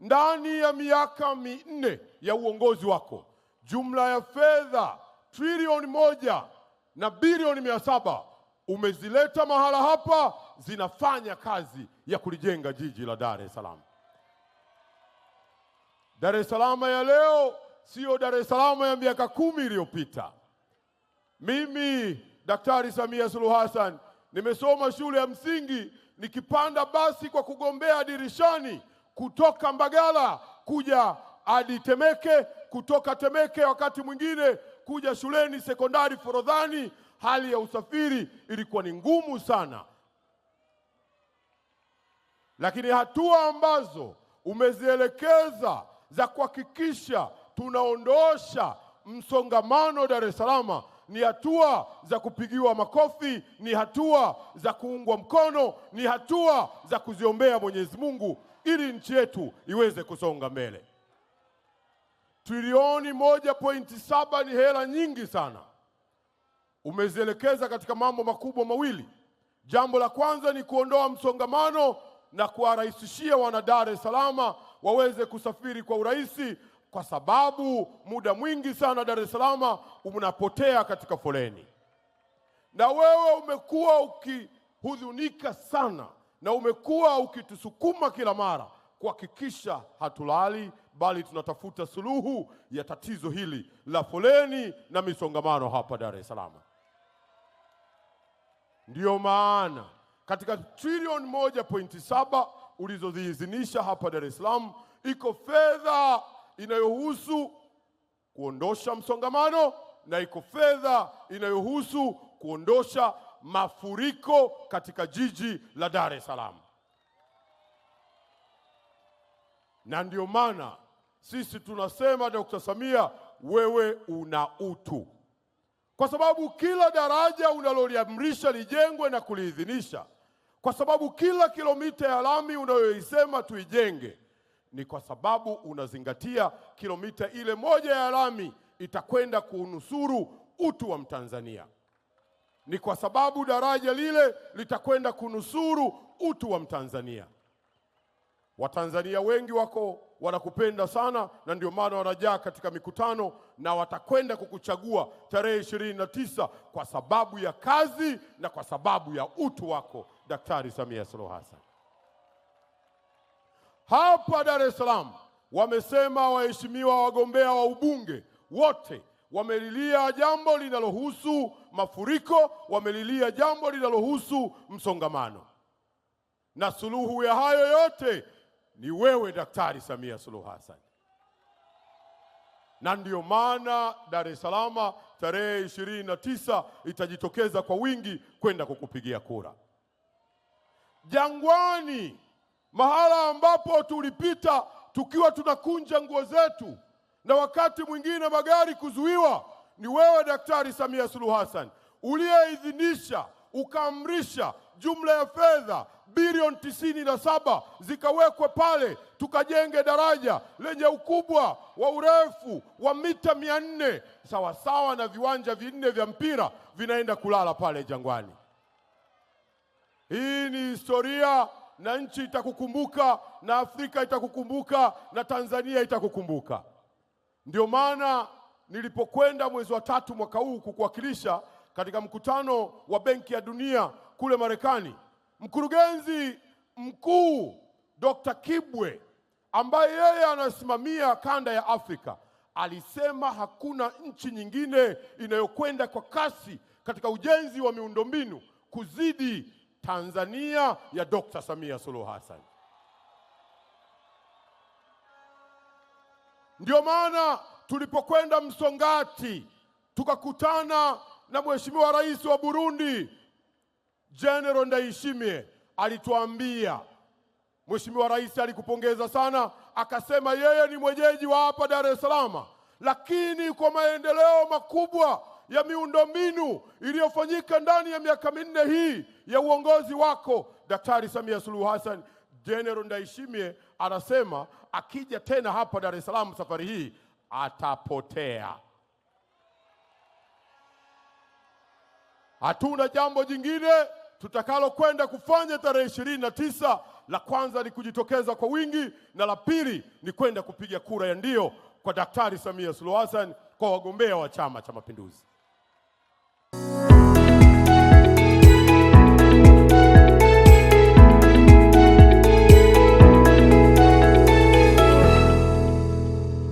ndani ya miaka minne ya uongozi wako, jumla ya fedha trilioni moja na bilioni mia saba umezileta mahala hapa, zinafanya kazi ya kulijenga jiji la Dar es Salaam. Dar es Salaam ya leo siyo Dar es Salaam ya miaka kumi iliyopita. Mimi Daktari Samia Suluhu Hassan nimesoma shule ya msingi nikipanda basi kwa kugombea dirishani kutoka Mbagala kuja hadi Temeke, kutoka Temeke wakati mwingine kuja shuleni sekondari Forodhani. Hali ya usafiri ilikuwa ni ngumu sana, lakini hatua ambazo umezielekeza za kuhakikisha tunaondosha msongamano Dar es Salaam ni hatua za kupigiwa makofi, ni hatua za kuungwa mkono, ni hatua za kuziombea Mwenyezi Mungu ili nchi yetu iweze kusonga mbele. Trilioni moja pointi saba ni hela nyingi sana. Umezielekeza katika mambo makubwa mawili. Jambo la kwanza ni kuondoa msongamano na kuwarahisishia wana Dar es Salaam waweze kusafiri kwa urahisi, kwa sababu muda mwingi sana Dar es Salaam unapotea katika foleni, na wewe umekuwa ukihudhunika sana na umekuwa ukitusukuma kila mara kuhakikisha hatulali bali tunatafuta suluhu ya tatizo hili la foleni na misongamano hapa Dar es Salaam. Ndiyo maana katika trilioni moja pointi saba ulizoziidhinisha hapa Dar es Salaam iko fedha inayohusu kuondosha msongamano na iko fedha inayohusu kuondosha mafuriko katika jiji la Dar es Salaam, na ndio maana sisi tunasema Dr. Samia, wewe una utu, kwa sababu kila daraja unaloliamrisha lijengwe na kuliidhinisha, kwa sababu kila kilomita ya lami unayoisema tuijenge ni kwa sababu unazingatia kilomita ile moja ya lami itakwenda kuunusuru utu wa Mtanzania ni kwa sababu daraja lile litakwenda kunusuru utu wa Mtanzania. Watanzania wengi wako wanakupenda sana, na ndio maana wanajaa katika mikutano na watakwenda kukuchagua tarehe ishirini na tisa kwa sababu ya kazi na kwa sababu ya utu wako, Daktari Samia Suluhu Hassan. Hapa Dar es Salaam wamesema waheshimiwa wagombea wa ubunge wote wamelilia jambo linalohusu mafuriko, wamelilia jambo linalohusu msongamano, na suluhu ya hayo yote ni wewe Daktari Samia Suluhu Hassan. Na ndiyo maana Dar es Salaam tarehe ishirini na tisa itajitokeza kwa wingi kwenda kukupigia kura. Jangwani, mahala ambapo tulipita tukiwa tunakunja nguo zetu na wakati mwingine magari kuzuiwa ni wewe Daktari Samia Suluhu Hassan uliyeidhinisha ukaamrisha jumla ya fedha bilioni tisini na saba zikawekwe pale tukajenge daraja lenye ukubwa wa urefu wa mita mia nne sawasawa na viwanja vinne vya mpira vinaenda kulala pale Jangwani. Hii ni historia na nchi itakukumbuka na Afrika itakukumbuka na Tanzania itakukumbuka. Ndio maana nilipokwenda mwezi wa tatu mwaka huu kukuwakilisha katika mkutano wa Benki ya Dunia kule Marekani, mkurugenzi mkuu Dr. Kibwe ambaye yeye anasimamia kanda ya Afrika alisema hakuna nchi nyingine inayokwenda kwa kasi katika ujenzi wa miundombinu kuzidi Tanzania ya Dr. Samia Suluhu Hassan. Ndio maana tulipokwenda Msongati tukakutana na Mheshimiwa Rais wa Burundi General Ndayishimiye, alituambia Mheshimiwa Rais alikupongeza sana, akasema yeye ni mwenyeji wa hapa Dar es Salaam, lakini kwa maendeleo makubwa ya miundombinu iliyofanyika ndani ya miaka minne hii ya uongozi wako Daktari Samia Suluhu Hassan General ndaishimie anasema akija tena hapa Dar es Salaam safari hii atapotea. Hatuna jambo jingine tutakalokwenda kufanya tarehe ishirini na tisa. La kwanza ni kujitokeza kwa wingi, na la pili ni kwenda kupiga kura ya ndio kwa Daktari Samia Suluhu Hassan kwa wagombea wa Chama cha Mapinduzi.